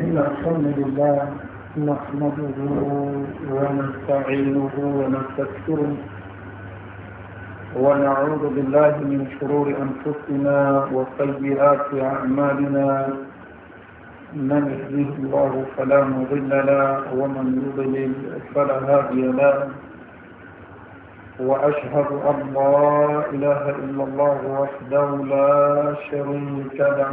إن الحمد لله نحمده ونستعينه ونستكثره ونعوذ بالله من شرور أنفسنا وسيئات أعمالنا من يهديه الله فلا مضل له ومن يضلل فلا هادي له وأشهد أن لا إله إلا الله وحده لا شريك له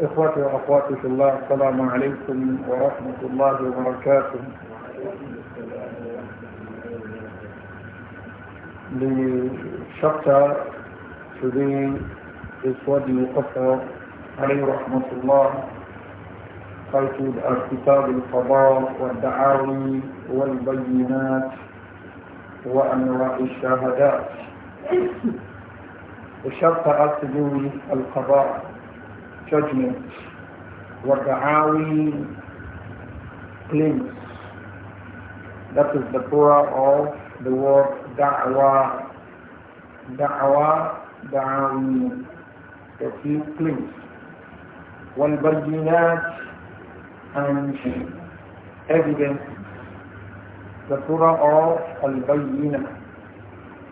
إخوتي وأخواتي في الله السلام عليكم ورحمة الله وبركاته لشقة chapter إسود is عليه رحمة الله حيث الكتاب القضاء والدعاوي والبينات وأنواع الشهادات وشرط chapter القضاء judgment, what the Awi claims. That is the Qur'an of the word da'wa. Da'wa, da'awi, that he claims. bayinat and evidence the plural of bayinat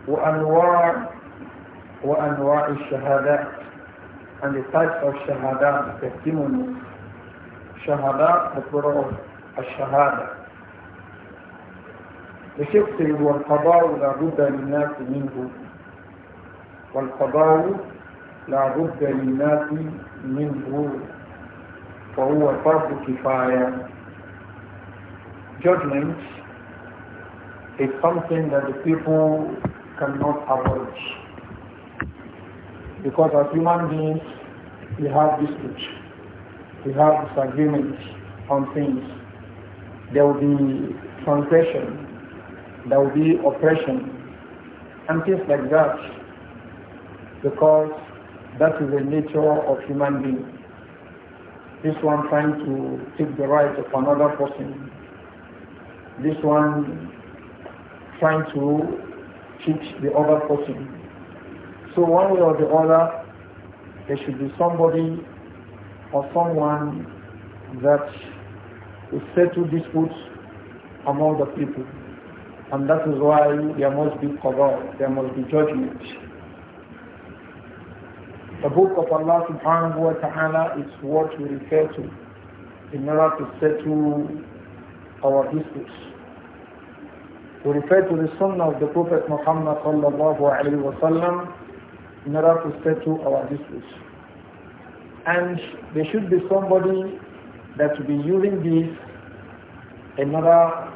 وأنواع وأنواع الشهادات and the types of shahada, testimony. Shahada, the plural of ash-shahada. الشيخ سيد والقضاء لا بد للناس منه والقضاء لا بد للناس منه فهو فرض كفاية judgment is something that the people cannot avoid because as human beings we have dispute, we have disagreement on things. There will be transgression, there will be oppression, and things like that, because that is the nature of human being. This one trying to take the rights of another person. This one trying to take the other person. So one way or the other, there should be somebody or someone that will settle disputes among the people. And that is why there must be qadar, there must be judgment. The book of Allah subhanahu wa ta'ala is what we refer to in order to settle our disputes. We refer to the sunnah of the Prophet Muhammad sallallahu alayhi wa sallam in order to settle our disputes. And there should be somebody that will be using this in order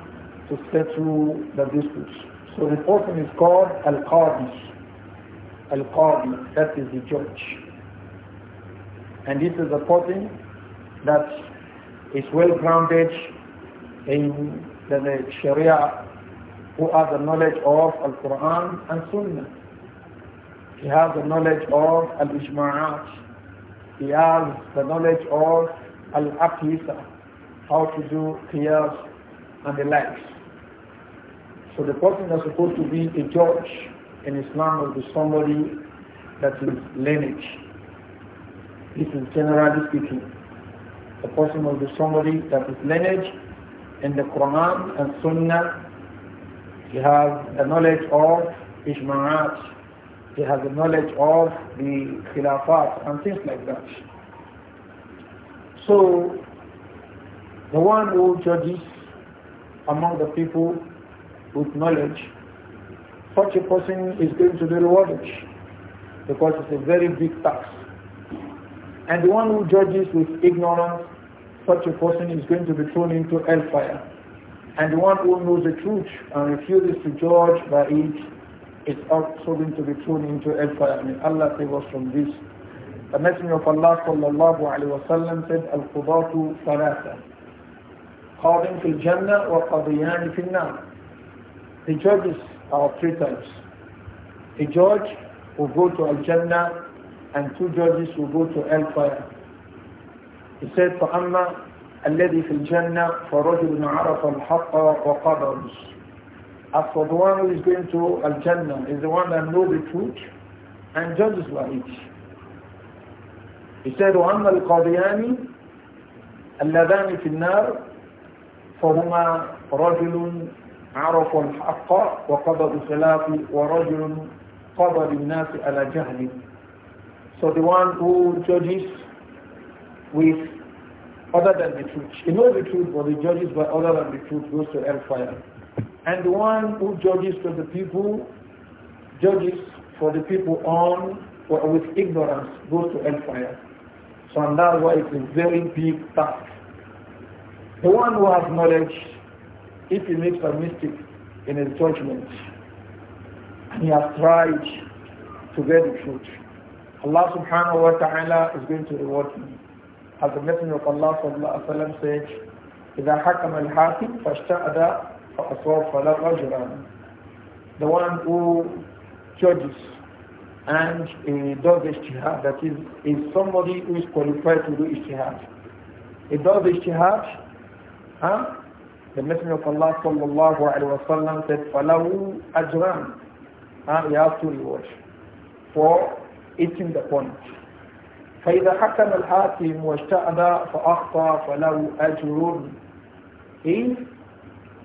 to settle the disputes. So the person is called Al-Qadi. Al-Qadi, that is the judge. And this is a person that is well grounded in the Sharia who has the knowledge of Al-Quran and Sunnah. He has the knowledge of al-ijma'at. He has the knowledge of al-aqisa, how to do qiyas and the likes. So the person that's supposed to be a judge in Islam must be somebody that is lineage. This is generally speaking. The person must be somebody that is lineage in the Quran and Sunnah. He has the knowledge of Ijma'at he has the knowledge of the khilafat and things like that. So, the one who judges among the people with knowledge, such a person is going to be rewarded because it's a very big task. And the one who judges with ignorance, such a person is going to be thrown into hellfire. And the one who knows the truth and refuses to judge by it is also going to be thrown into hellfire. May Allah save us from this. The Messenger of Allah sallallahu alayhi wa sallam said, Al-Qudatu Salasa. Qadin fil Jannah wa Qadiyan fil Nar. The judges are three types. A judge who go to Al-Jannah and two judges who go to hellfire. He said, فَأَمَّا الَّذِي فِي الْجَنَّةِ فَرَجُلٌ عَرَفَ الْحَقَّ وَقَدَرُهُ as for the one who is going to Al-Jannah is the one that knows the truth and judges by it. He said, وَأَمَّا الْقَاضِيَانِ اللَّذَانِ فِي النَّارِ فَهُمَا رَجُلٌ عرف الحق وقضى الخلاف ورجل قضى للناس على جهل So the one who judges with other than the truth. He knows the truth, but he judges by other than the truth goes to hellfire. And the one who judges for the people, judges for the people on or with ignorance goes to hellfire. So and that's why it's a very big task. The one who has knowledge, if he makes a mistake in his judgment, and he has tried to get the truth, Allah subhanahu wa ta'ala is going to reward him. As the Messenger of Allah sallallahu wa sallam said, إذا حكم الحاكم فاجتهد فأصاب فلا رجلا the one who judges and uh, does ijtihad that is is somebody who is qualified to do ijtihad he does ijtihad huh? the messenger of Allah sallallahu alaihi wasallam said falahu ajran huh? he has to reward for eating the point فإذا حكم الحاكم واجتهد فأخطأ فله أجر if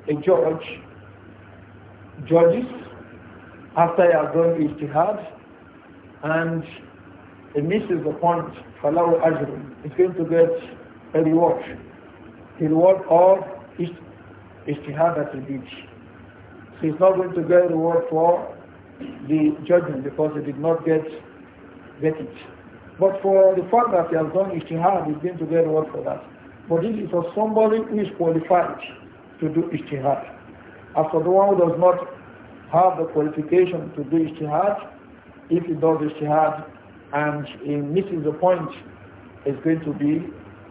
a judge judges after he has done jihad, and he misses the point falahu ajrun he's going to get a reward the reward his jihad that he did so he's not going to get a reward for the judgment because he did not get get it but for the fact that he has done jihad, he's going to get a reward for that but this is for somebody who is qualified to do ijtihad. As for the one who does not have the qualification to do ijtihad, if he does ijtihad and he misses the point, is going to be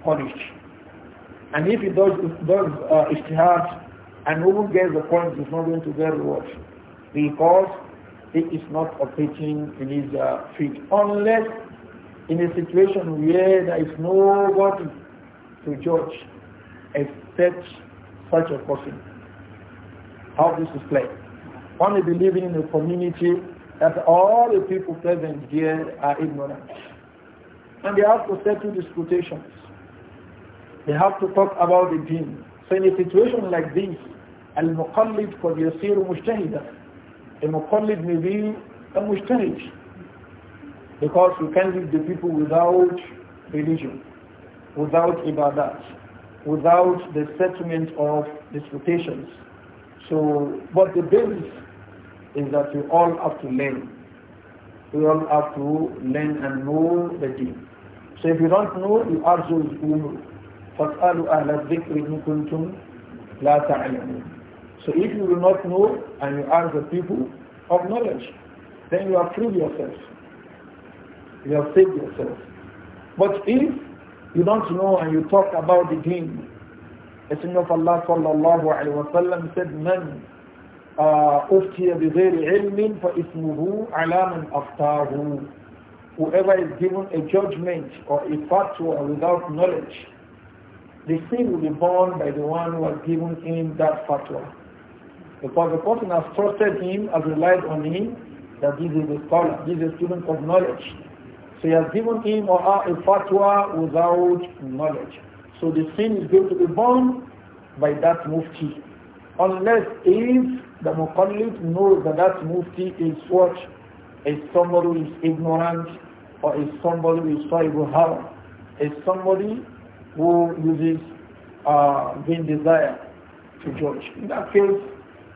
punished. And if he does, does uh, ijtihad and who gets the point, is not going to get reward. Because he is not operating in his uh, feet. Unless in a situation where there is nobody to judge except such a person. How this is played. Only believing in a community that all the people present here are ignorant. And they have to settle disputations. They have to talk about the deen. So in a situation like this, al-muqallid qad yasir mujtahida. A muqallid may be a mujtahid. Because you can't lead the people without religion, without ibadat without the settlement of disputations. So, but the basis is that we all have to learn. We all have to learn and know the deen. So if you don't know, you are those who know. فَاسْأَلُوا أَهْلَ الذِّكْرِ إِن كُنْتُمْ لَا تَعْلَمُونَ So if you do not know and you are the people of knowledge, then you have freed yourself. You have saved yourself. But if you don't know and you talk about the deen. The Messenger of Allah sallallahu alayhi wa sallam said, Man uh, uftiya bi ghayri ilmin fa ismuhu ala man aftahu. Whoever is given a judgment or a fatwa without knowledge, the sin will be borne by the one who has given him that fatwa. Because the person has trusted him, has relied on him, that this is a scholar, this is a student of knowledge. So he has given him or her a fatwa without knowledge. So the sin is going to be borne by that mufti. Unless if the muqallid knows that that mufti is what is somebody who is ignorant or is somebody who is tribal, harm? is somebody who uses uh, vain desire to judge. In that case,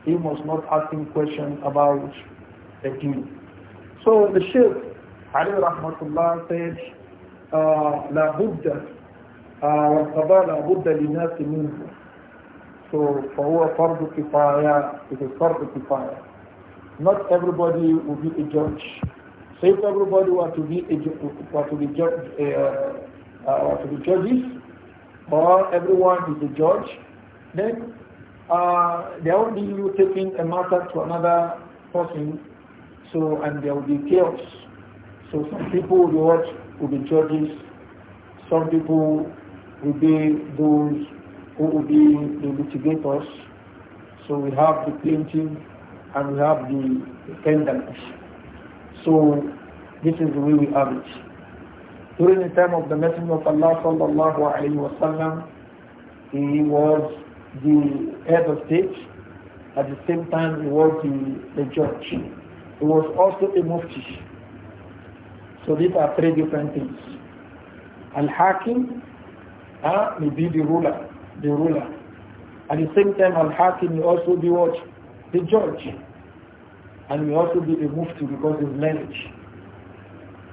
he must not ask him questions about the deal. So the Shaykh Ali rahmatullah said, La uh, Buddha, والقضاء لا بد للناس منه. So, فهو فرض كفاية. It is فرض كفاية. Not everybody will be a judge. So if everybody were to be a, were to be judge, uh, uh, were to be judges, or everyone is a judge, then uh, there will be you taking a matter to another person. So and there will be chaos. So some people will be what? Will be judges. Some people will be those who will be the litigators. So we have the plaintiff and we have the defendant. So this is the way we have it. During the time of the Messenger of Allah sallallahu alayhi wa sallam, he was the head of state. At the same time, he was the, the judge. He was also a mufti. So these are three different things. Al-Hakim uh, ah, will be the ruler, the ruler. At the same time, Al-Hakim will also be what? The judge. And will also be the mufti because of marriage.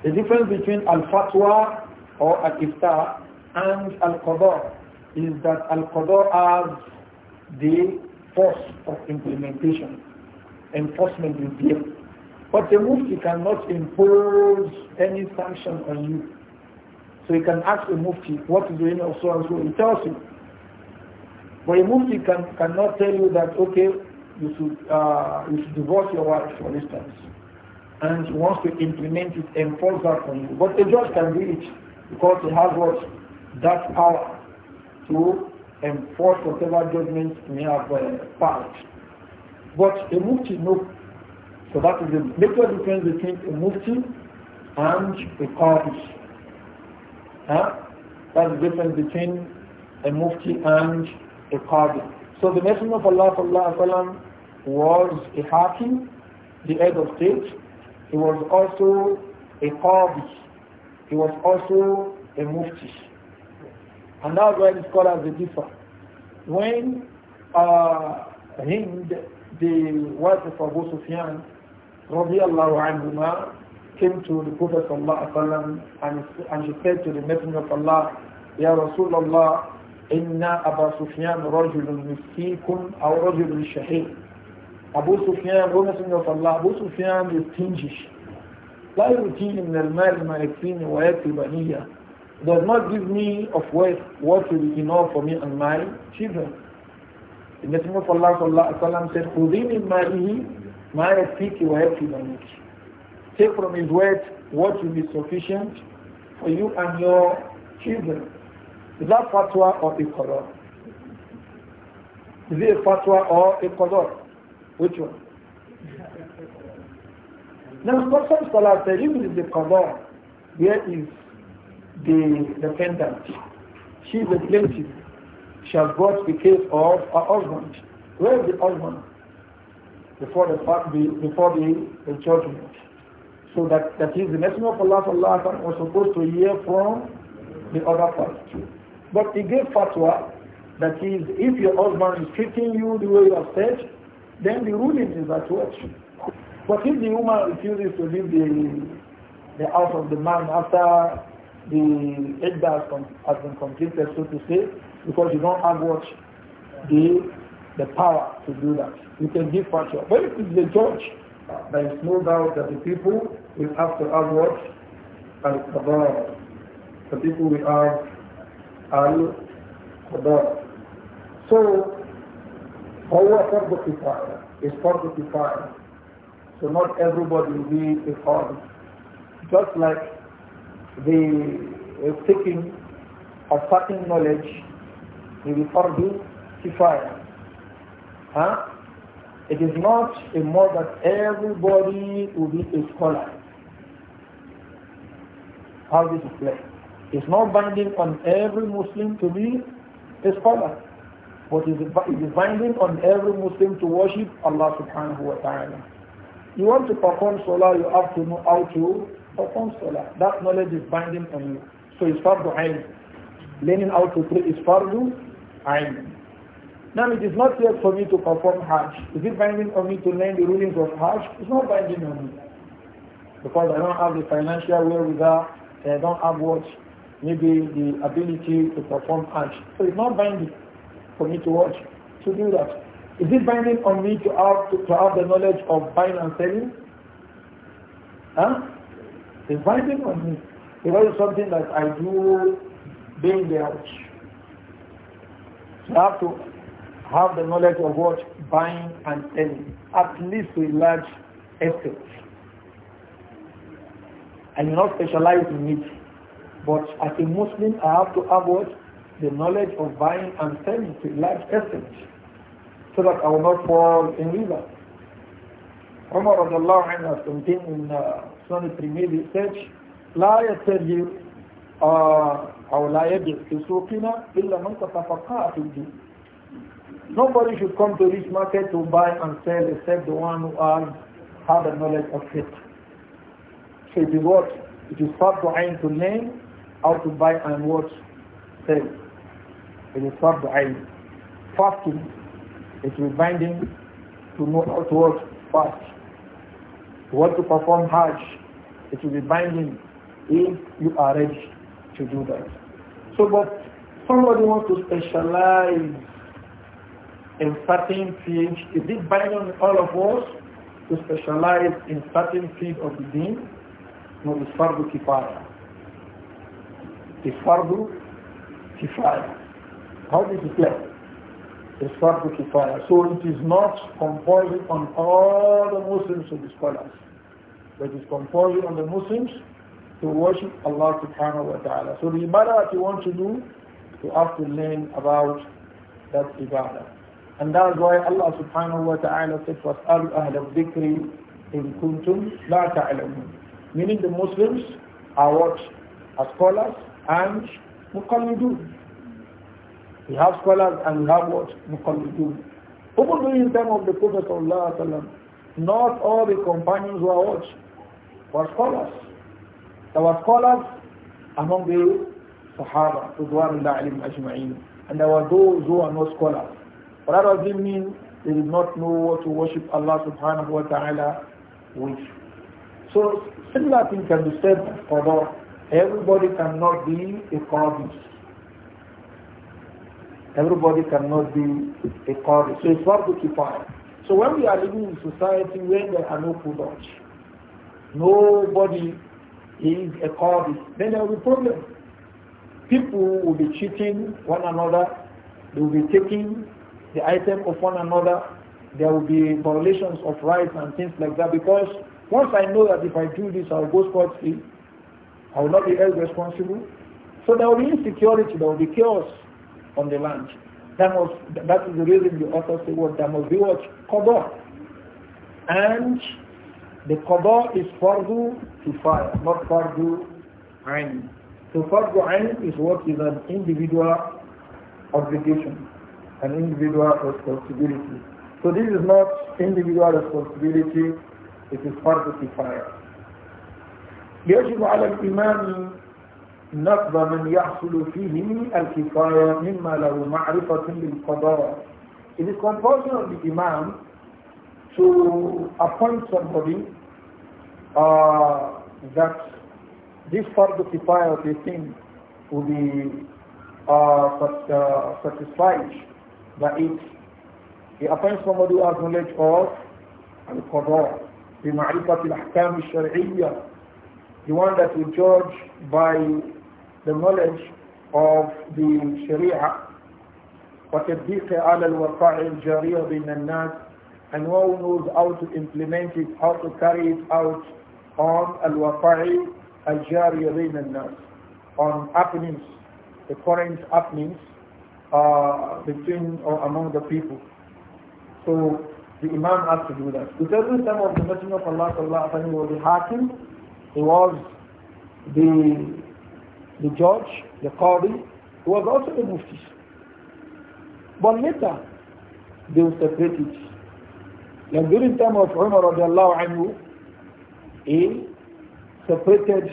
The difference between Al-Fatwa or Al-Iftar and Al-Qadar is that Al-Qadar has the force of implementation, enforcement is given. But the Mufti cannot impose any sanction on you. So you can ask a Mufti, what is the name of so and so? He tells you. But a Mufti can, cannot tell you that, okay, you should, uh, you should divorce your wife, for instance. And he wants to implement it, and enforce that on you. But the judge can do it because he has what? That power to enforce whatever judgment may have uh, passed. But a Mufti, no, so that is the major difference between a mufti and a qadi. Huh? That's the difference between a mufti and a qadi. So the Messenger of Allah sallallahu alaihi wasallam was a hakim, the head of state. He was also a qadi. He was also a mufti. And that's why called as the differ. When uh, Hind, the wife of Abu Sufyan, رضي الله عنهما كنت لكوفة صلى الله عليه وسلم عن شكيت لمثل الله يا رسول الله إن أبا سفيان رجل مسكين أو رجل شهيد أبو سفيان رضي الله عنه أبو سفيان يستنجش لا يؤتيني من المال ما يكفيني ويأتي بنية does not give me of wealth what will be enough for me and my children. النبي صلى الله عليه وسلم said خذي من ماله you, don't بنيك take from his wealth what will be sufficient for you and your children is that fatwa or a is it a fatwa or a which one now for some scholars the reason is the qadar where is the defendant she is a plaintiff she has brought the case of her husband where is the husband before the, uh, before the, judgment. So that, that is the Messenger of Allah sallallahu was supposed to hear from the other party. But he gave fatwa that is, if your husband is treating you the way you have said, then the ruling is that work. But if the woman refuses to leave the, the house of the man after the idda has, has been completed, so to say, because you don't have what? The the power to do that. You can give fatwa. But if it's the judge, there is no doubt that the people will have to have what? Al-Qadar. The people will have Al-Qadar. So, هو فرض كفاية is the fire. so not everybody will be a qadi just like the taking of certain knowledge will be the fire. Huh? It is not a mode that everybody will be a scholar. How this is played. It's not binding on every Muslim to be a scholar. But it is binding on every Muslim to worship Allah subhanahu wa ta'ala. You want to perform salah, you have to know how to perform salah. That knowledge is binding on you. So it's fardu ayn. Learning how to pray is fardu ayn. Now it is not yet for me to perform Hajj. Is it binding on me to learn the rulings of Hajj? It's not binding on me. Because I don't have the financial wherewithal and I don't have what? Maybe the ability to perform Hajj. So it's not binding for me to watch, to do that. Is it binding on me to have, to, to have the knowledge of buying and selling? Huh? It's binding on me. Because it's something that I do being the I have to have the knowledge of what buying and selling, at least to a large extent. I may not specialize in it, but as a Muslim, I have to have what the knowledge of buying and selling to a large extent, so that I will not fall in river. Umar radiallahu Allah, has contained in uh, Sunan Trimidi said, لا يتجر أو لا يجر في سوقنا إلا من تتفقه في الدين Nobody should come to this market to buy and sell except the one who has had the knowledge of it. So it is what? It is far to aim to name how to buy and what sell. It is far to aim. Fasting is reminding to know how to work fast. To want to perform Hajj, it will be binding if you are ready to do that. So, but somebody wants to specialize in certain fields? Is it binding on all of us to specialize in certain field of the deen? No, it's fardu kifaya. It's fardu kifaya. How does it play? It's fardu kifaya. So it is not compulsory on all the Muslims to be scholars. But it's compulsory on the Muslims to worship Allah subhanahu wa ta'ala. So the ibadah that you want to do, you have to learn about that ibadah. And that's why Allah subhanahu wa ta'ala said, وَاسْأَلُوا أَهْلَ الذِّكْرِ إِن كُنْتُمْ لَا تَعْلَمُونَ Meaning the Muslims are what? Are scholars and muqallidun. We have scholars and we have what? Muqallidun. Even during the time of the Prophet sallallahu alayhi wa not all the companions were what? Were scholars. There were scholars among the Sahaba, Ridwanullahi alayhim ajma'in. And there were those who are not scholars. But that doesn't mean they did not know what to worship Allah subhanahu wa ta'ala with. So similar thing can be said for that. Everybody cannot be a Qadi. Everybody cannot be a Qadi. So it's not occupied. So when we are living in society where there are no products, nobody is a Qadi, then there will be problem. People will be cheating one another. They will be taking the item of one another, there will be violations of rights and things like that because once I know that if I do this, I'll go scot free. I will not be held responsible. So there will be insecurity, there will be chaos on the land. That was that is the reason the author said what there must be what qadar. And the qadar is fardu to fire, not fardu ain. So fardu ain is what is an individual obligation an individual responsibility. So this is not individual responsibility, it is part of the fire. يجب على الإمام نقض من يحصل فيه الكفاية مما له معرفة بالقضاء. It is compulsion of the Imam to appoint somebody uh, that this part of the thing will be uh, uh satisfied that it. He appoints from who has knowledge of Al-Qadar, the Ma'rifat al-Ahkam al-Shari'iyya, the one that will judge by the knowledge of the Sharia, وتطبيق على الوقائع الجارية بين الناس and who knows how to implement it, how to carry it out on الوقائع الجارية بين الناس on happenings, the current happenings uh, between or among the people. So the Imam has to do that. The second time of the Messenger of Allah sallallahu alaihi was the Hakim, he was the the judge, the Qadi, who was also the Mufti. But later, they were separated. Like during time of Umar radiallahu anhu, he separated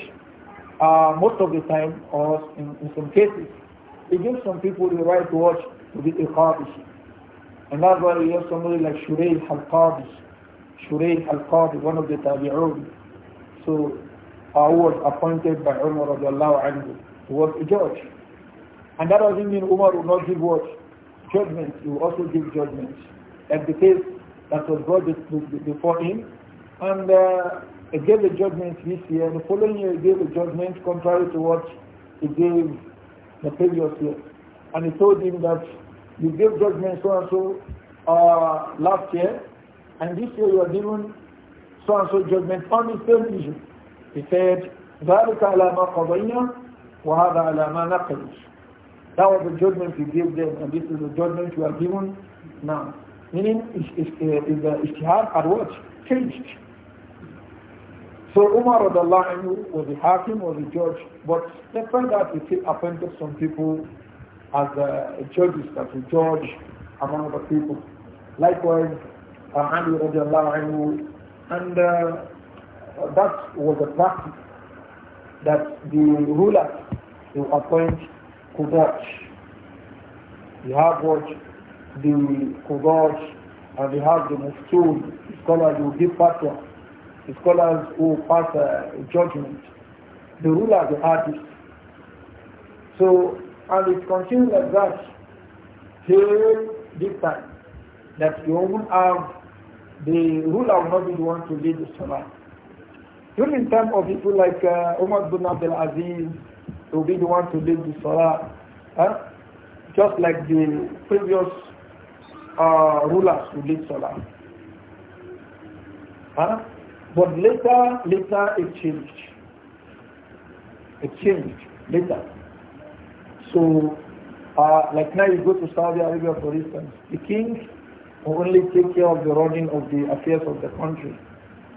uh, most of the time, or in, in some cases, it gives some people the right to watch to be a And that's why you have somebody like Shurayh al-Qadi. Shurayh al-Qadi, one of the tabi'un. So, I was appointed by Umar radiallahu anhu. to was a judge. And that doesn't mean Umar will not give what? Judgment. He will also give judgment. And the case that was brought before him. And uh, he gave a judgment this year. The following year he gave a judgment contrary to what he gave the previous year. And he told him that you gave judgment so and so last year, and this year you are given so and so judgment on the same issue. He said, ذلك على ما قضينا وهذا على ما That was the judgment you gave them, and this is the judgment you are given now. Meaning, is, is, uh, is the ijtihad at what? Changed. So Umar Anhu was the hakim, was the judge, but despite that, he still appointed some people as uh, judges, as a judge among the people. Likewise, uh, Ali anhu, and uh, that was a practice that the rulers will appoint Qudaj. the have the Qudaj, and they have the Muftul, scholars who give fatwa the scholars who pass uh, judgment, the ruler, the artist. So, and it continues like that till this time, that you won't have, the ruler will not be the one to lead the salah. During the time of people like uh, Umar bin Abdul Aziz, will be the one to lead the salah, huh? just like the previous uh, rulers who lead salah. Huh? But later, later it changed. It changed later. So, uh, like now you go to Saudi Arabia, for instance, the king will only take care of the running of the affairs of the country.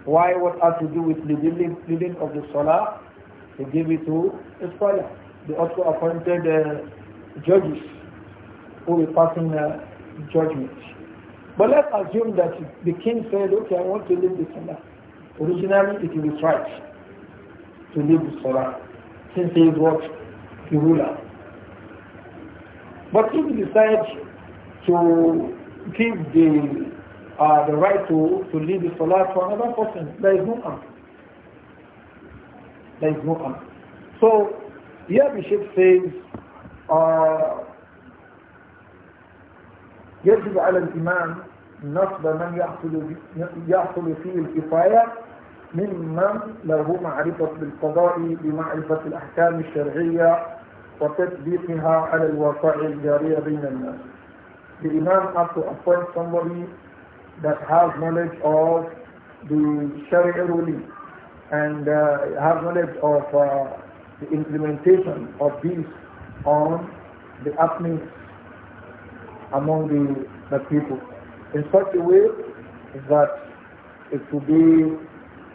Why? What has to do with the building of the solar? They gave it to the scholar. They also appointed uh, judges who will pass in uh, judgment. But let's assume that the king said, okay, I want to leave the that." Originally, it is right to leave the Salah since he is what? The ruler. But if you decide to give the uh, the right to, to leave the Salah to another person, there is no harm. There is no harm. So, here the Sheikh says, uh, يجب على الإمام نصب من يحصل يحصل فيه الكفاية ممن له معرفة بالقضاء بمعرفة الأحكام الشرعية وتطبيقها على الجارية بين الناس. The Imam has to appoint somebody that has knowledge of the Sharia ruling and uh, has knowledge of uh, the implementation of these on the happenings among the, the people in such a way that it will be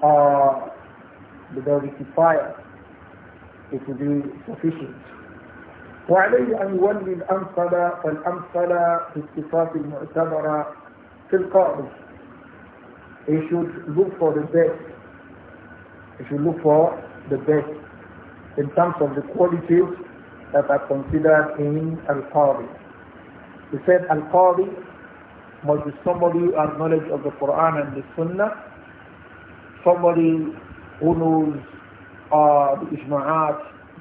are uh, the fire? it will be sufficient وعليه أن يولي الأمثلة فالأمثلة في الصفات المعتبرة في القاضي He should look for the best. He should look for the best in terms of the qualities that are considered in Al-Qadi. He said Al-Qadi must be somebody who has knowledge of the Quran and the Sunnah somebody who knows uh, the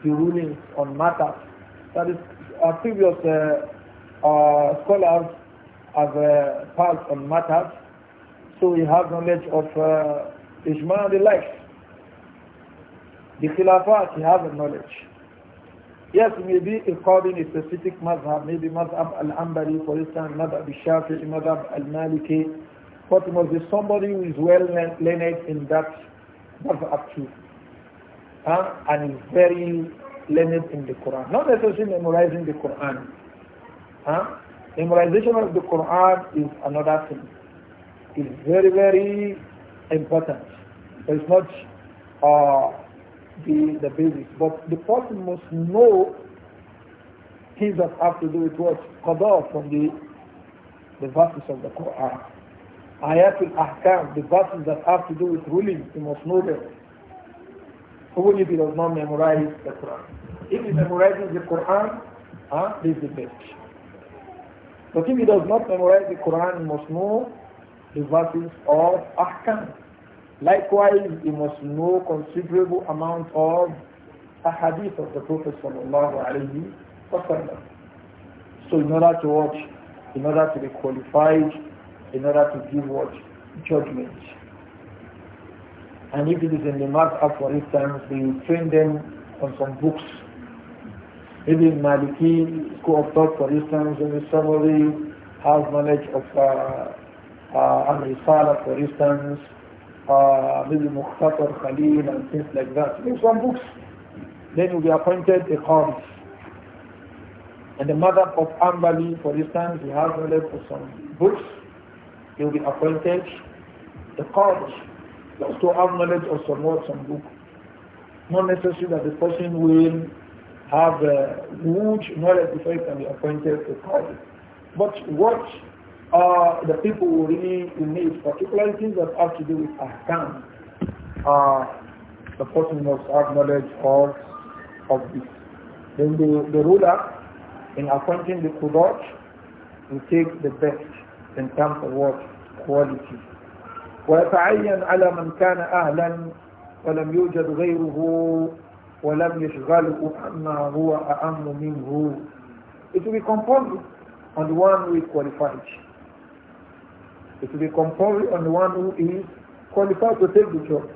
the rulings on matters. That is, uh, previous uh, uh, scholars have uh, passed on matters, so he has knowledge of uh, Ijma and the likes. The Khilafat, he has knowledge. Yes, maybe according a specific mazhab, maybe mazhab al-Ambari, for instance, mazhab al-Shafi'i, mazhab al-Maliki, but it must be somebody who is well learned in that that's active. Huh? And is very learned in the Quran. Not necessarily memorizing the Quran. Huh? Memorization of the Quran is another thing. It's very, very important. It's not uh, the, the basis. But the person must know things that have to do with what? Qadar from the, the verses of the Quran. Ayatul Ahkam, the verses that have to do with ruling, he must know them. Even if he does not memorize the Quran. If he memorizes the Quran, huh, this is the best. But if he does not memorize the Quran, he must know the verses of Ahkam. Likewise, he must know considerable amount of ahadith of the Prophet sallallahu alaihi wasallam. So in order to watch, in order to be qualified in order to give what? Judgment. And if it is in the up for instance, we train them on some books. Even Maliki school of thought, for instance, in somebody has knowledge of uh, uh, Al-Risala, for instance, uh, maybe Muqtatar Khalil and things like that. some books. Then we appointed a Qadi. And the mother of Ambali, for instance, he has knowledge of some books will be appointed the court to have knowledge of some words, some book. Not necessary that the person will have a uh, huge knowledge before he can be appointed to court, But what uh, the people will really need, particularly things that have to do with ahkam, uh, the person must have knowledge of, of this. Then the, the ruler, in appointing the court will take the best in terms of what quality ويتعين على من كان أهلا ولم يوجد غيره ولم يشغله عما هو أأم منه It will be compulsory on the one who is qualified. It will be compulsory on the one who is qualified to take the job,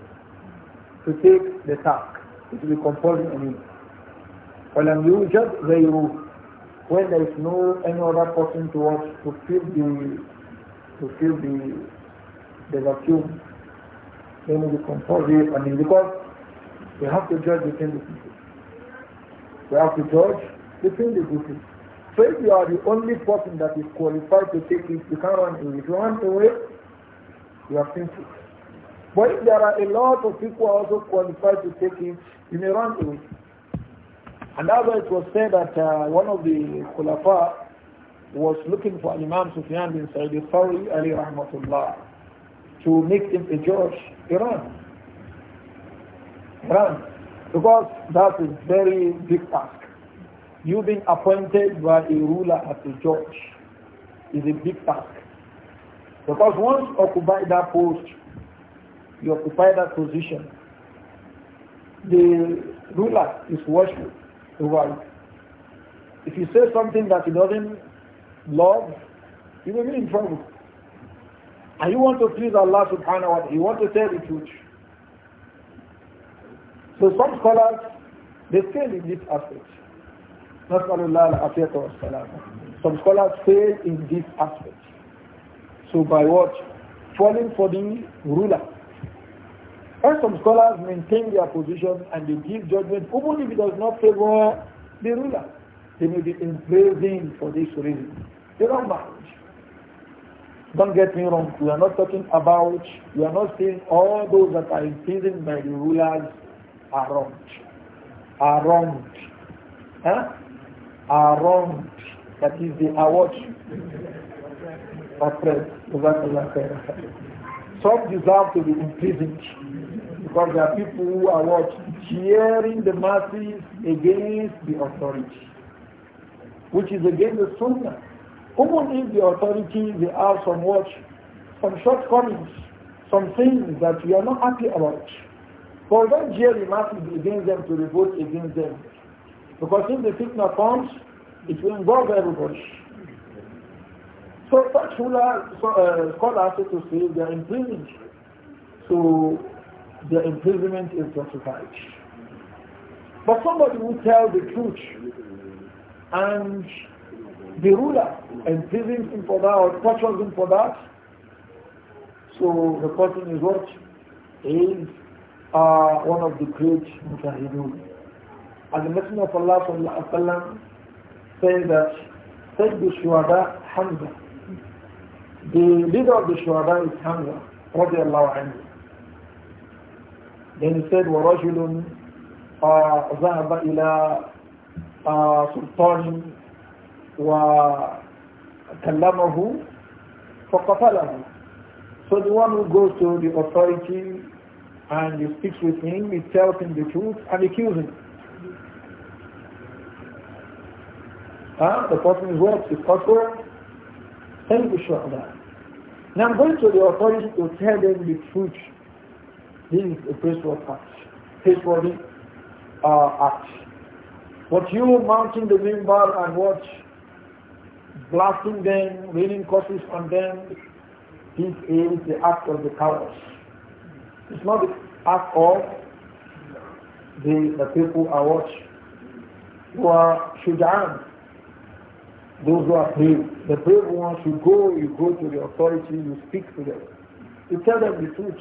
to take the task. It will be compulsory on him. ولم يوجد غيره when there is no any other person to watch to fill the to fill the the vacuum, then we becomes compulsory. I mean, because we have to judge between the people. We have to judge between the people. So if you are the only person that is qualified to take it, you can't run away. If you run away, you are sinful. But if there are a lot of people also qualified to take it, you may run away. And it was said that uh, one of the Khulafa was looking for Imam Sufyan bin Sa'id al-Thawri Ali rahmatullah to make him a judge Iran. Iran. Because that is very big task. You've been appointed by a ruler as a judge is a big task. Because once you occupy that post, you occupy that position, the ruler is watchful over If you say something that he doesn't love, you will be in trouble. And you want to please Allah subhanahu wa ta'ala, you want to tell the truth. So some scholars, they fail in this aspect. Some scholars fail in this aspect. So by what? Falling for the ruler and some scholars maintain their position and they give judgment even if it does not favor the ruler. They may be imprisoned for this reason. They don't Don't get me wrong. We are not talking about, we are not saying all those that are imprisoned by the rulers are wronged. Are wronged. Huh? Are wronged. That is the award. Oppressed. Some deserve to be imprisoned. Because there are people who are what? Cheering the masses against the authority, which is against the sunnah. Who if the authority, they have some what? Some shortcomings, some things that we are not happy about. For don't cheer the masses against them to revolt against them. Because if the fitna comes, it will involve everybody. So such scholars, so, uh, scholars, so to say, they are imprisoned. So the imprisonment is justified. But somebody who tells the truth and the ruler imprisons him for that or tortures him for that, so the person is what? Is uh, one of the great mutahidun. And the Messenger of Allah sallallahu alaihi wasallam said that said the shuhada Hamza. The leader of the shuhada is Hamza, الله عنه then he said, وَرَجُلٌ ذَهَبَ إِلَىٰ سُلْطَانٍ وَكَلَّمَهُ فَقَتَلَهُ So the one who goes to the authority and he speaks with him, he tells him the truth and he kills him. Huh? The person is what? Is kafir? Thank you, Shahada. Now I'm going to the authority to tell them the truth this is a praiseworthy act. Praiseworthy uh, act. But you mounting the bar and watch, blasting them, raining curses on them, this is the act of the cowards. It's not the act of the, the people I watch who are shujan, those who are brave. The brave ones, you go, you go to the authority, you speak to them. You tell them the truth.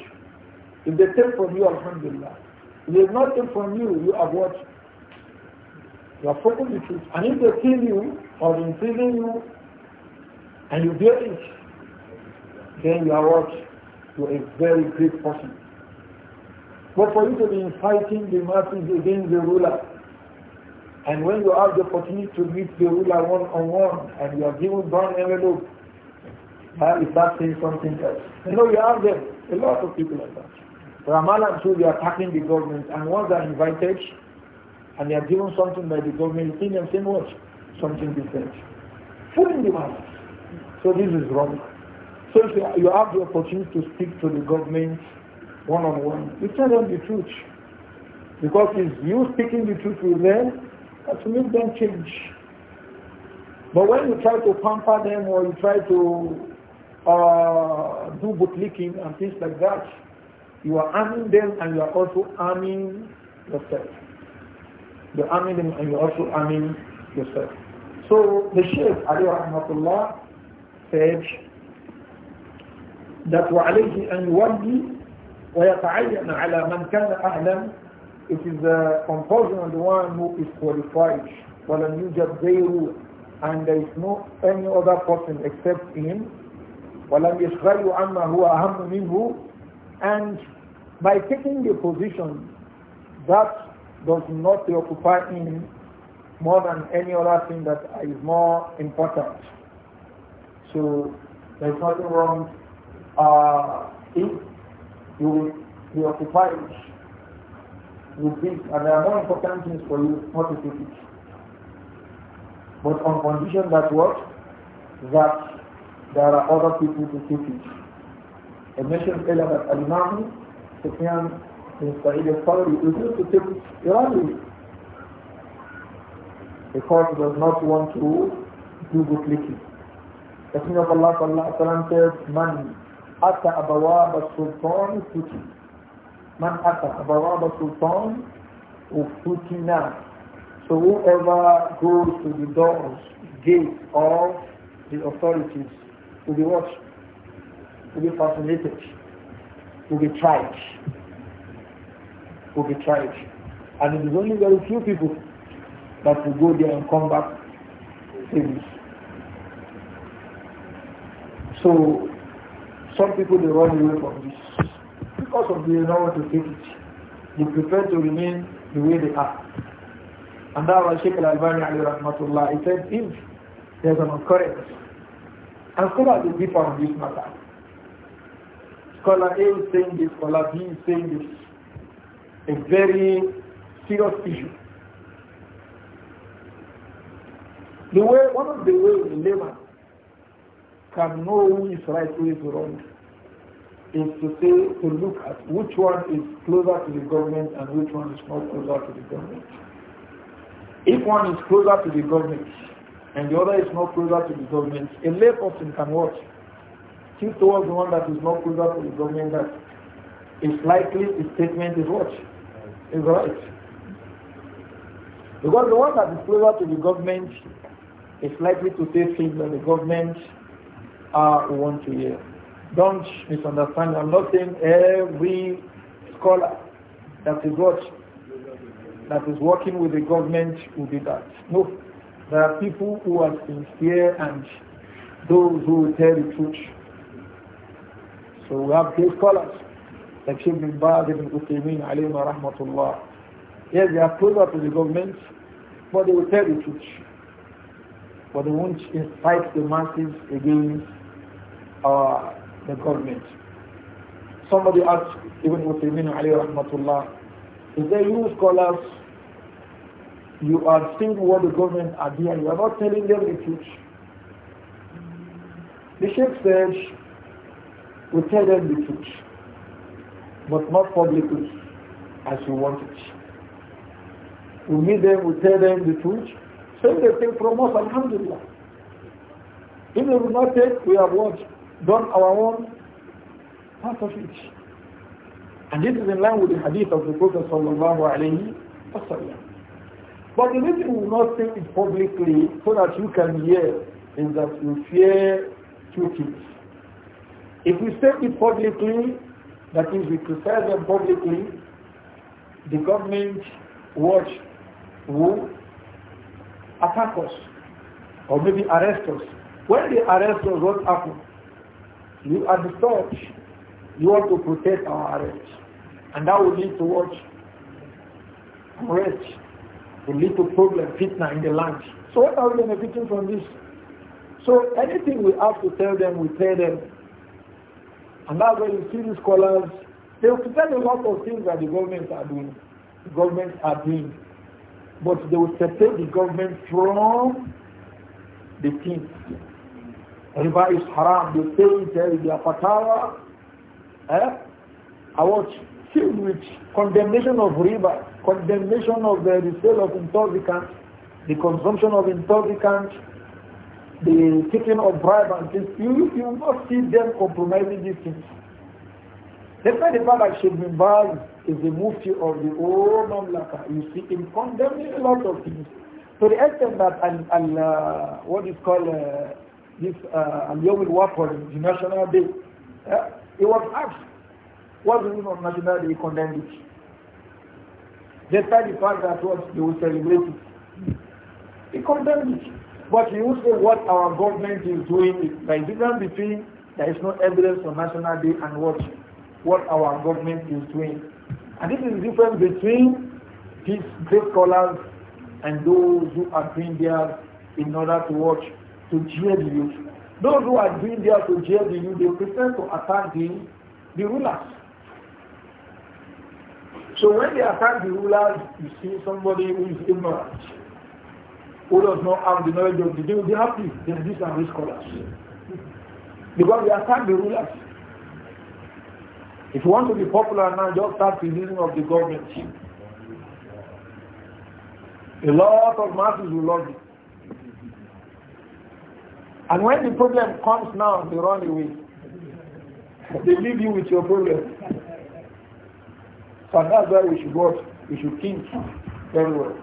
If they take from you, Alhamdulillah. If they not take from you, you have what? You are spoken the truth. And if they kill you or imprison you and you bear it, then you are what? You are a very great person. But for you to be fighting the masses against the ruler, and when you have the opportunity to meet the ruler one on one, and you are given brown envelope, that is that saying something else. You know, you have them, a lot of people like that. Ramallah too, they are attacking the government. And once they are invited and they are given something by the government, you they are saying what? Something different. Food in the market. So this is wrong. So if you have the opportunity to speak to the government one on one, you tell them the truth. Because it's you speaking the truth with them that will make them change. But when you try to pamper them or you try to uh, do bootlicking and things like that, you are arming them and you are also arming yourself. You are arming them and you are also arming yourself. So the Shaykh Ali Rahmatullah said that وعليه أن يولي ويتعين على من كان أهلا It is a composer of the one who is qualified ولم يوجد غيره and there is no any other person except him ولم يشغل عما هو أهم منه and by taking the position that does not preoccupy him more than any other thing that is more important. So there's nothing wrong uh, if you will with this and there are more important things for you not to take it. But on condition that what? That there are other people to take it. I mentioned earlier that Al-Imam Sufyan bin Sa'id al-Thawri refused to take Irani because he does not want to do good bootlicking. The King of Allah sallallahu alayhi wa said, Man ata abawab al-sultan futi. Man ata abawab al-sultan ufutina. So whoever goes to the doors, gate of the authorities to be watched to be fascinated, to be tried, to be tried. And it is only very few people that will go there and come back safe. So some people they run away from this because of the know to take it. They prefer to remain the way they are. And that was Sheikh Al-Albani Ali Rahmatullah. He said if there's an occurrence, and scholars the differ on this matter. Scholar A is saying this, scholar B is saying this. A very serious issue. The way, one of the ways the layman can know who is right, who is wrong, is to say, to look at which one is closer to the government and which one is not closer to the government. If one is closer to the government and the other is not closer to the government, a lay person can watch still towards the one that is not closer to the government that it's likely the statement is what? Is right. Because the one that is closer to the government is likely to say things that the government uh, want to hear. Don't misunderstand. I'm not saying every scholar that is what that is working with the government will be that. No. There are people who are sincere and those who tell the truth. So we have great scholars like Sheikh bin Baz ibn Uthaymeen alayhi rahmatullah. Yes, they are closer to the government, but they will tell the truth. But they won't incite the masses against uh, the government. Somebody asked Ibn Uthaymeen alayhi rahmatullah, is there you scholars you are saying what the government are doing, you are not telling them the truth. The Sheikh said, we tell them the truth, but not publicly as you want it. We meet them, we tell them the truth, so they take from us, alhamdulillah. If they do not take, we have what? Done our own part of it. And this is in line with the hadith of the Prophet sallallahu alayhi wa sallam. But the reason we will not say it publicly so that you can hear is that we fear two things. If we say it publicly, that is, we criticize them publicly, the government watch will attack us or maybe arrest us. When they arrest us, what happens? You are the disturbed. You want to protect our arrest. And that will lead to what? Arrest. Will lead to problem, fitna in the land. So what are we benefiting from this? So anything we have to tell them, we tell them. And that's why you see these scholars, they will tell a lot of things that the government are doing. The government are doing. But they will separate the government from the thing. Riba is haram. They say it eh, is their fatwa. Eh? I watch filled with condemnation of riba, condemnation of eh, the sale of intoxicants, the consumption of intoxicants, the taking of bribe and things, you, you will not see them compromising these things. the fact that Sheikh bin Baz is the mufti of the old Mamlaka, you see him condemning a lot of things. To the extent that and uh, what is called uh, this uh, al the National Day, it uh, was asked, what is the reason of National Day? He condemned it. Despite the fact that what they will celebrate it. He condemned it. But you would say what our government is doing is difference between there is no evidence for National Day and what what our government is doing. And this is the difference between these great scholars and those who are doing there in order to watch to jail the youth. Those who are doing there to jail the youth, they prefer to attack the, the rulers. So when they attack the rulers, you see somebody who is ignorant who does not have the knowledge of the day will be happy. They these and rich scholars. Because they attack the rulers. If you want to be popular now, just start criticism of the government. A lot of masses will love you. And when the problem comes now, they run away. They leave you with your problem. So that's why we should watch, we should think very well.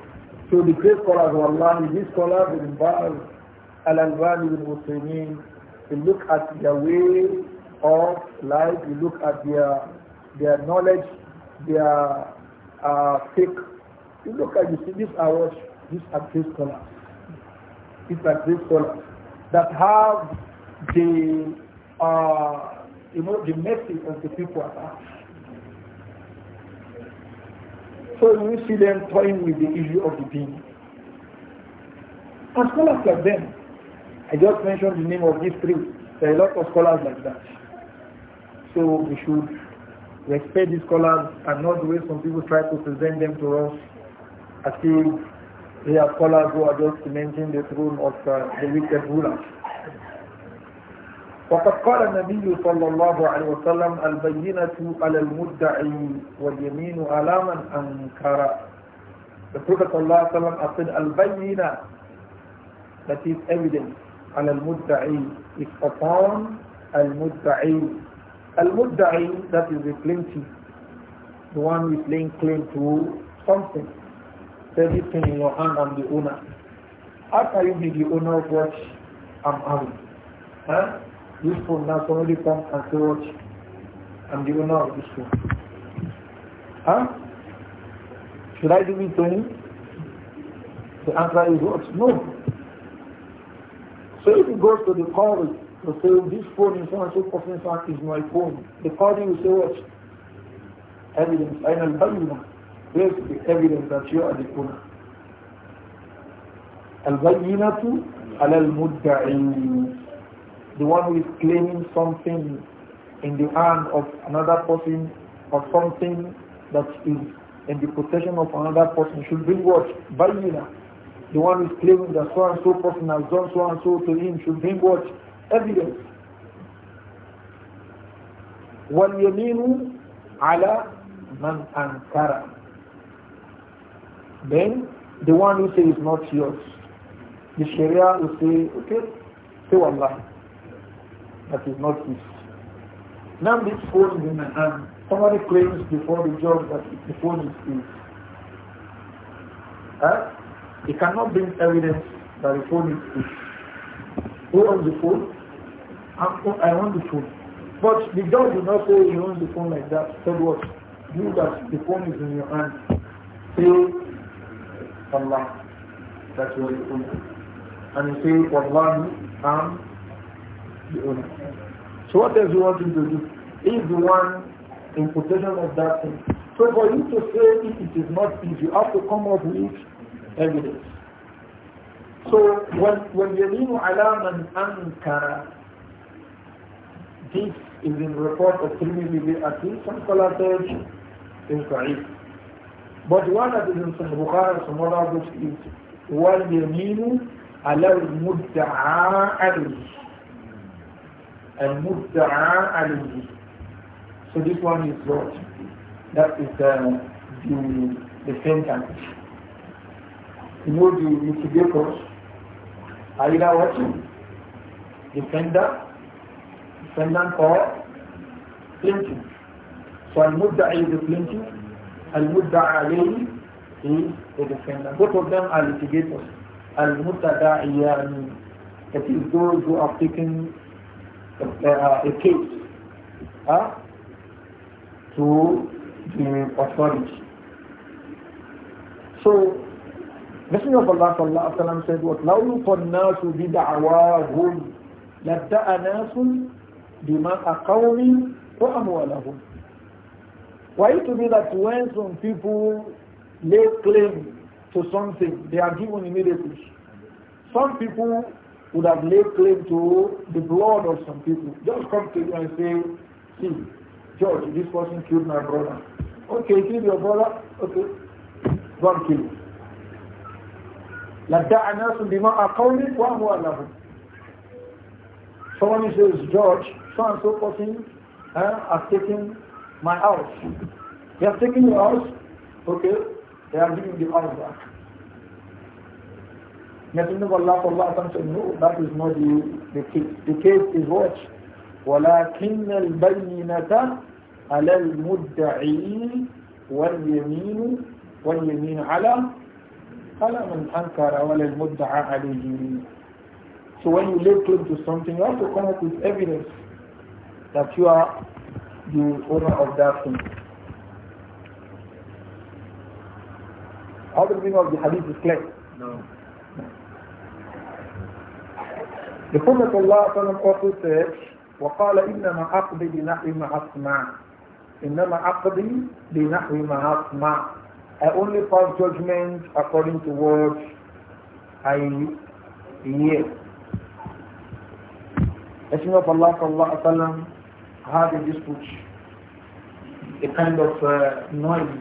So the color scholars of Allah, these scholars in Ba'al, Al-Albani, Ibn Husaynin, you look at their way of life, you look at their, their knowledge, their uh, fiqh. You look at, you see, these are what, these are great scholars. These are great scholars that have the, uh, you know, the message of the people at heart. So you see them toying with the issue of the deen. And scholars like them, I just mentioned the name of these three. There are a lot of scholars like that. So we should respect these scholars and not the way some people try to present them to us as if they are scholars who are just cementing the throne of uh, the wicked rulers. وقد قال النبي صلى الله عليه وسلم البينة على المدعي واليمين على من أنكر The Prophet صلى الله عليه وسلم said البينة that is evidence على المدعي is upon المدعي المدعي that is the plaintiff the one who is laying claim to something everything in your hand I'm the owner how can you be the owner of what I'm having huh? This phone now somebody comes and say what? I'm giving owner of this phone. Huh? Should I do it to him? The answer is what? No. So if it goes to the call, to say this phone is so and so is my phone, the party will say what? Evidence. I am know Bayina. Where's the evidence that you are the owner? Al-Bayinatu ala al-mudda'i the one who is claiming something in the hand of another person or something that is in the possession of another person should bring what? Bayina. The one who is claiming that so and so person has done so and so to him should bring what? Evidence. وَالْيَمِينُ عَلَى مَنْ أَنْكَرَ Then the one who says not yours, the Sharia will say, okay, say Allah that is not his. Now this phone is in my um, hand. Somebody claims before the judge that the phone is his. Huh? He cannot bring evidence that the phone is his. Who owns the phone? Oh, I own the phone. But the judge did not say he owns the phone like that. Said what? You that the phone is in your hand. Say Allah. That's your phone. And he say, Wallahi, I'm um, so what does he want him to do? He is the one in possession of that thing. So for you to say it, it is not easy, you have to come up with evidence. So when when alam and Ankara, this is in report of Trimili at least some scholars said is correct. But one that is in Sahih Bukhari some other books is Wal Yaminu Alal Mudda'a Alayhi. المدعى عليه so this one is what that is uh, the the sentence you know the mitigators either watching defender defendant or plaintiff so المدعى is the plaintiff المدعى عليه is the defendant both of them are litigators المتداعيان that is those who are taking uh, a case uh, to the authority. So, Messenger of Allah sallallahu alaihi wasallam said, "What لو الناس بدعواهم لدعا ناس دماء قوم وأموالهم." Why to be that when some people lay claim to something, they are given immediately. Some people would have laid claim to the blood of some people. Just come to you and say, see, George, this person killed my brother. Okay, kill your brother. Okay, go and kill him. لَدَّعَ نَاسٌ بِمَا أَقَوْلٍ وَهُوَ لَهُمْ Someone says, George, so-and-so person uh, has taken my house. They have taken your house? Okay, they are giving the house back. Messenger of Allah said, no, that is not the, the case. The case is what? ولكن البينة على المدعي واليمين واليمين على على من أنكر ولا المدعى عليه So when you lay claim to something, you have to come up with evidence that you are the owner of that thing. How do the meaning of the hadith is clear? No. The Prophet ﷺ also said, وقال إنما أقضي بنحو ما أسمع إنما أقضي بنحو ما أسمع I only pass judgment according to what I hear. Messenger of Allah sallallahu alaihi wasallam had a dispute, a kind of uh, noise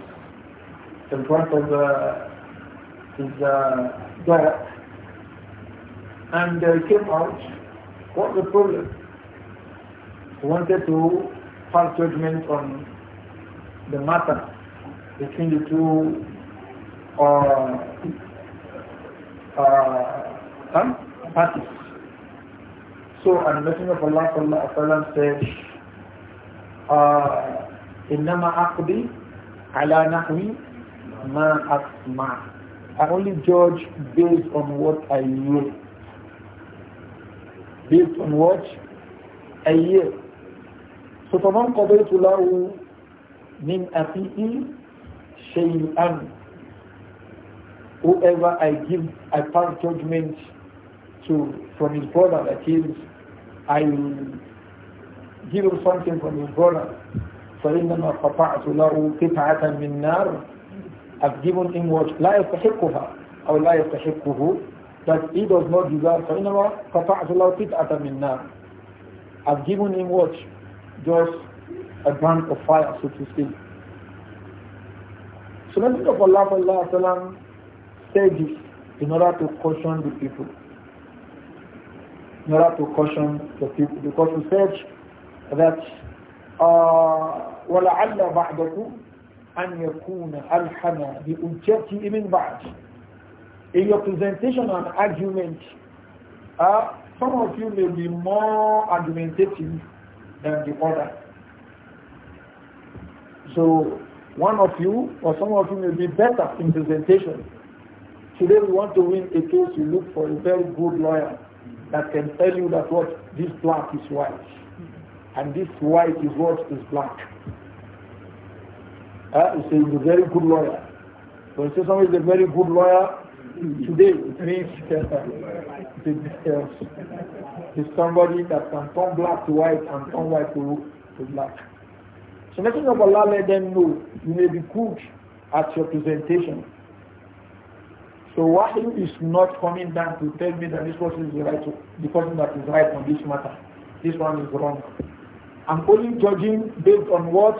in front of uh, his uh, door and uh, came out. What's the problem? wanted to pass judgment on the matter between the two uh, uh, parties. So, and the Messenger of Allah Allah alaihi said, uh, "Innama aqdi ala nahwi ma I only judge based on what I know based on what? A year. So فَمَنْ قَضَيْتُ لَهُ مِنْ أَفِئِ شَيْئًا Whoever I give, I pass judgment to from his brother, that is, I give him something from his brother. فَإِنَّمَا قَطَعْتُ لَهُ قِطْعَةً مِنْ نَارٍ I've given him what لا يستحقها أو لا يستحقه that he does not deserve فَإِنَّمَا قَطَعْتُ لَوْ قِطْعَةً نَارٍ I've given him what? Just a brand of fire, so to speak. So Messenger of Allah sallallahu wa said this in order to caution the people. In order to caution the people because he said that uh, وَلَعَلَّ بَعْدَكُمْ أَنْ يَكُونَ أَلْحَنَا بِأُجَّتِهِ مِنْ bad." in your presentation and argument, uh, some of you may be more argumentative than the other. So one of you or some of you may be better in presentation. Today we want to win a case, you look for a very good lawyer that can tell you that what this black is white and this white is what is black. Uh, it's a very good lawyer. So you say somebody is a very good lawyer, today we drink the distance somebody that can turn black to white and turn white to, to black. So let of Allah let them know you may be good at your presentation. So you is not coming down to tell me that this person is the right the person that is right on this matter. This one is wrong. I'm only judging based on what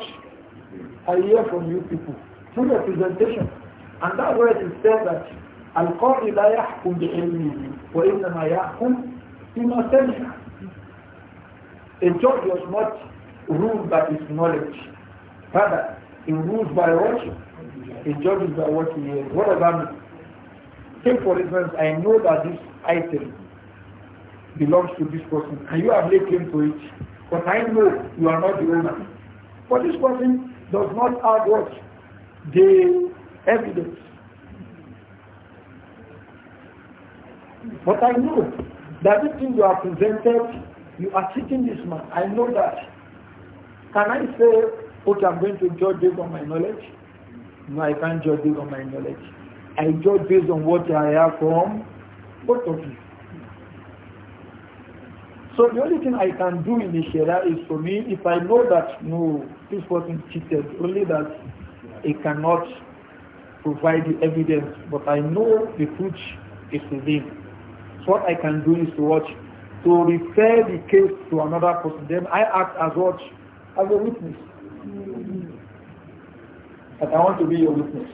I hear from you people through your presentation. And that word is said that القاضي لا يحكم بعلمه وإنما يحكم بما سمع A judge was not ruled by his knowledge. Rather, he rules by what? He judges by what he hears. What does that mean? Take for instance, I know that this item belongs to this person and you have laid claim to it. But I know you are not the owner. But this person does not have what? The evidence But I know that this thing you are presented, you are cheating this man. I know that. Can I say, okay, I'm going to judge based on my knowledge? No, I can't judge based on my knowledge. I judge based on what I have from both of you. So the only thing I can do in the Sharia is for me, if I know that no, this person cheated, only that it cannot provide the evidence, but I know the truth is within. So what I can do is to watch, to refer the case to another person. Then I act as watch, as a witness. But I want to be your witness.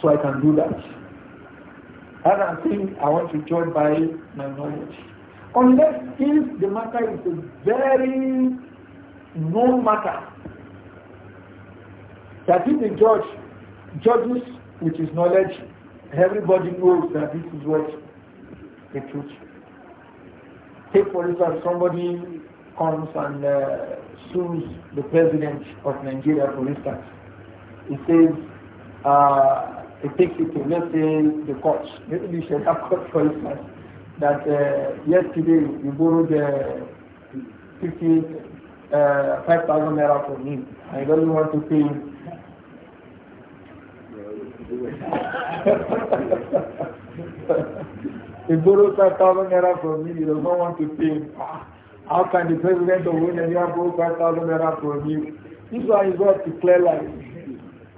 So I can do that. And I think I want to judge by my knowledge. Unless if the matter is a very known matter, that if the judge judges with his knowledge, Everybody knows that this is what the truth. Take for instance, somebody comes and uh, sues the president of Nigeria, for instance. He says, uh, he takes it to, let's say, the court, maybe should have court, for instance, that uh, yesterday you borrowed uh, 50, uh, 5,000 naira from me. I don't want to pay He borrows 5,000 naira for me, you don't want to pay. How can the president of Nigeria borrow 5,000 naira for you? This one is what to clear life.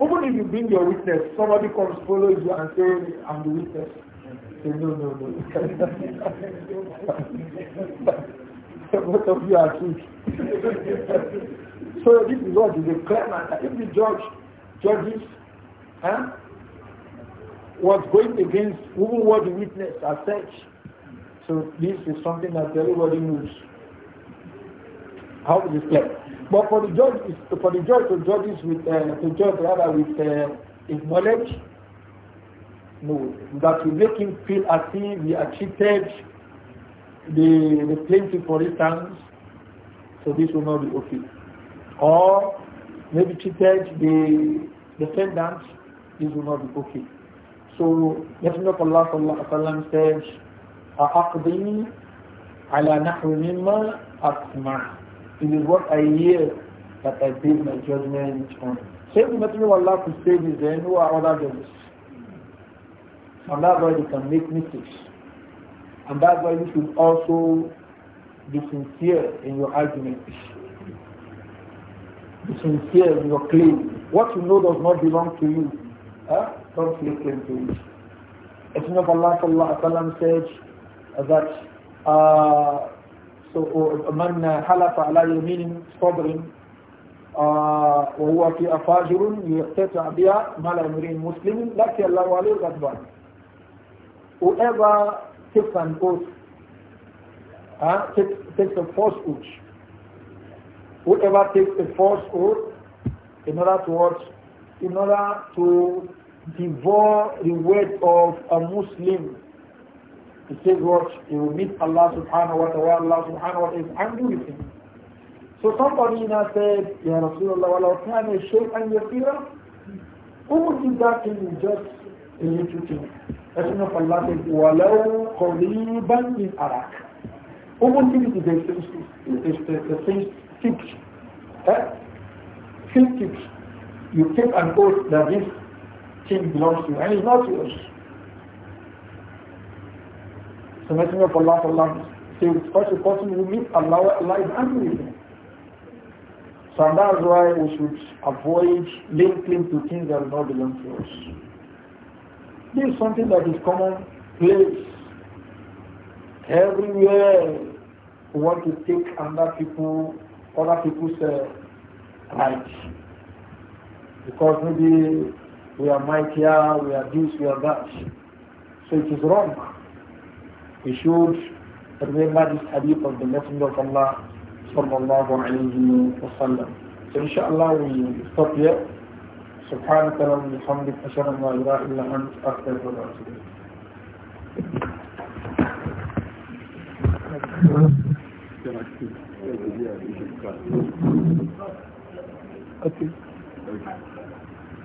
Even if you bring your witness, somebody comes, follows you and says, I'm the witness. Say, no, no, no. Both of you are sick. so this is what is a clear matter. If the judge judges, huh? Was going against even what the witness has said. So this is something that everybody knows how to display. But for the judge, for the judge to judge with uh, to judge rather with uh, his knowledge, no, that will make him feel as if he cheated the the plaintiff for instance. So this will not be okay. Or maybe cheated the defendant. This will not be okay. So Messenger of Allah sallallahu alaihi wasallam said, "Aqdini ala nahwi mimma asma." It is what I hear that I base my judgment on. Say the Messenger of Allah to say this, then who are other judges? And that's why you can make mistakes. And that's why you should also be sincere in your argument. Be sincere in your claim. What you know does not belong to you. Huh? Don't slip into it. The Messenger of Allah sallallahu alayhi wa so that uh, so sabrin, حلف على يمين صبر وهو في أفاجر يقتطع بها مال امرئ Allah wa الله عليه غضبان whoever takes an oath uh, takes, takes a false oath whoever takes a false oath in order to in order to devour the word of a Muslim, he says what? He will meet Allah subhanahu wa ta'ala, Allah subhanahu wa ta'ala is angry with him. So somebody now said, Ya Rasulullah, Allah wa kana shay'an yasira, who would do that in just a little thing? Rasul of Allah said, walau qariban min arak. Who would do it if the thing sticks? Eh? Stick sticks. You take an oath that this belongs to you and it's not yours. So Messenger of Allah, Allah says, such a person who meets Allah, Allah is angry with him. So that's why we should avoid linking to things that do not belong to us. This is something that is common place. Everywhere we want to take other people, other people's uh, rights. Because maybe we are mightier, we are this, we are that. So it is wrong. We should remember this hadith of the Messenger of Allah sallallahu alayhi wa sallam. So inshallah we stop here. سبحانك اللهم وبحمدك أشهد أن لا إله إلا أنت أستغفرك وأتوب إليك. Okay.